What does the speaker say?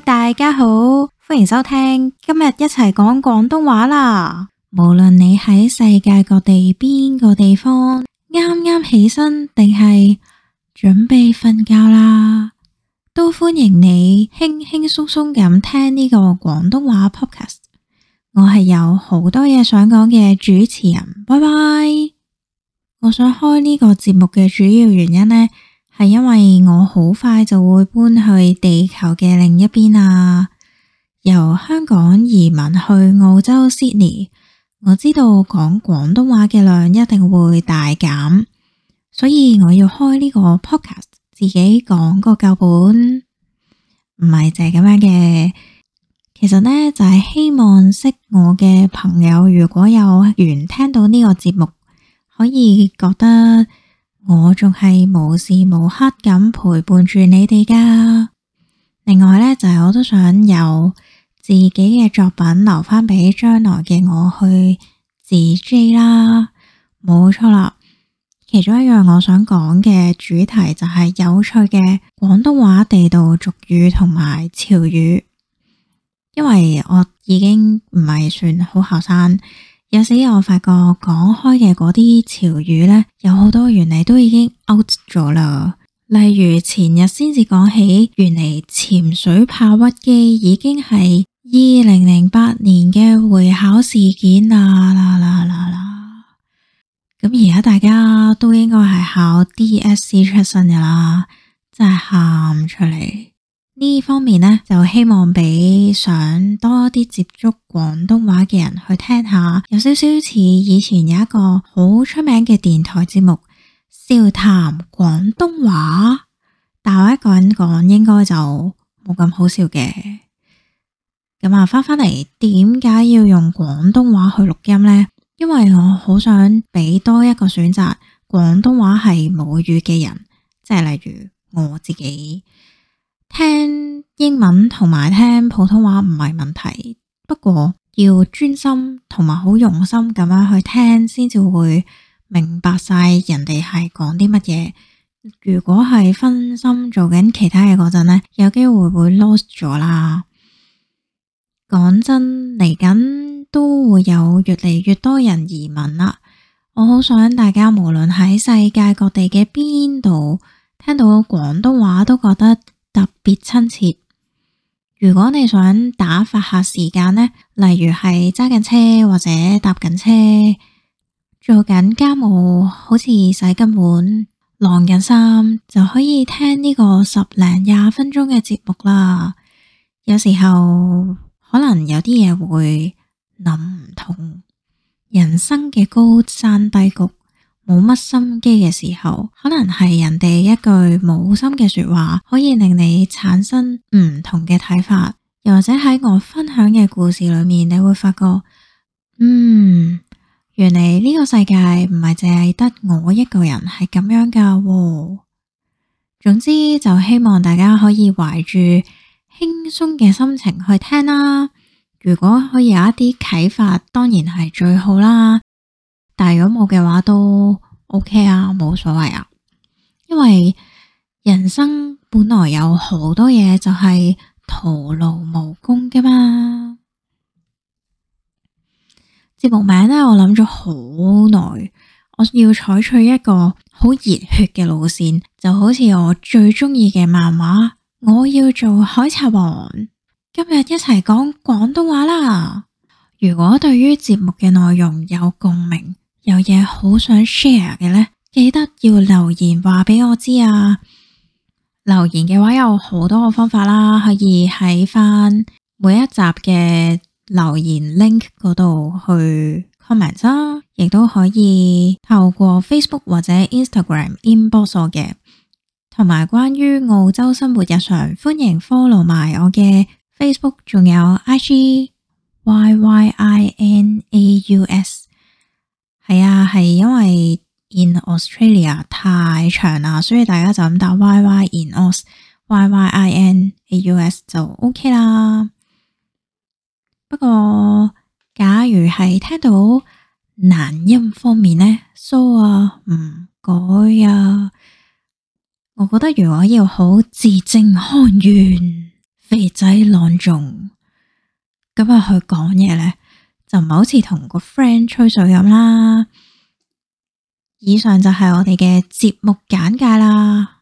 大家好，歡迎收聽今日一齊講廣東話啦！無論你喺世界各地邊個地方，啱啱起身定係準備瞓覺啦，都歡迎你輕輕鬆鬆咁聽呢個廣東話 podcast。我係有好多嘢想講嘅主持人，拜拜！我想開呢個節目嘅主要原因呢，係因為我好快就會搬去地球嘅另一邊啊，由香港移民去澳洲 Sydney。我知道講廣東話嘅量一定會大減，所以我要開呢個 podcast 自己講個教本，唔係就係咁樣嘅。其實呢，就係希望識我嘅朋友，如果有緣聽到呢個節目，可以覺得。我仲係無時無刻咁陪伴住你哋噶。另外咧，就係、是、我都想有自己嘅作品留翻俾將來嘅我去自 J 啦。冇錯啦，其中一樣我想講嘅主題就係有趣嘅廣東話地道俗語同埋潮語，因為我已經唔係算好後生。有時我發覺講開嘅嗰啲潮語呢，有好多原嚟都已經 out 咗啦。例如前日先至講起，原嚟潛水怕屈機已經係二零零八年嘅會考事件啦啦啦啦啦。咁而家大家都應該係考 DSE 出身噶啦，真係喊唔出嚟！呢方面呢，就希望俾想多啲接觸廣東話嘅人去聽下，有少少似以前有一個好出名嘅電台節目《笑談廣東話》，但我一個人講，應該就冇咁好笑嘅。咁啊，翻返嚟，點解要用廣東話去錄音呢？因為我好想俾多一個選擇，廣東話係母語嘅人，即係例如我自己。聽英文同埋聽普通話唔係問題，不過要專心同埋好用心咁樣去聽，先至會明白晒人哋係講啲乜嘢。如果係分心做緊其他嘢嗰陣呢，有機會會 lost 咗啦。講真，嚟緊都會有越嚟越多人移民啦。我好想大家無論喺世界各地嘅邊度聽到廣東話，都覺得。特別親切。如果你想打發下時間咧，例如係揸緊車或者搭緊車，做緊家務，好似洗緊碗、晾緊衫，就可以聽呢個十零廿分鐘嘅節目啦。有時候可能有啲嘢會諗唔通，人生嘅高山低谷。冇乜心機嘅時候，可能係人哋一句冇心嘅說話，可以令你產生唔同嘅睇法。又或者喺我分享嘅故事裏面，你會發覺，嗯，原嚟呢個世界唔係淨係得我一個人係咁樣噶喎。總之就希望大家可以懷住輕鬆嘅心情去聽啦。如果可以有一啲啟發，當然係最好啦。係如果冇嘅話都 OK 啊，冇所謂啊，因為人生本來有好多嘢就係徒勞無功噶嘛。節目名咧，我諗咗好耐，我要採取一個好熱血嘅路線，就好似我最中意嘅漫畫，我要做海賊王。今日一齊講廣東話啦！如果對於節目嘅內容有共鳴，有嘢好想 share 嘅咧，記得要留言話俾我知啊！留言嘅話有好多個方法啦，可以喺返每一集嘅留言 link 嗰度去 comment 啦，啊，亦都可以透過 Facebook 或者 Instagram inbox 我嘅。同埋關於澳洲生活日常，歡迎 follow 埋我嘅 Facebook 仲有 IG Y Y I N A U S。係啊，係因為 in Australia 太長啦，所以大家就咁打 yy in Aus，yyin Aus y y in 就 OK 啦。不過假如係聽到難音方面呢咧，疏、so, 啊，唔該啊。我覺得如果要好字正腔圓，肥仔朗誦咁啊去講嘢咧。就唔係好似同個 friend 吹水咁啦。以上就係我哋嘅節目簡介啦。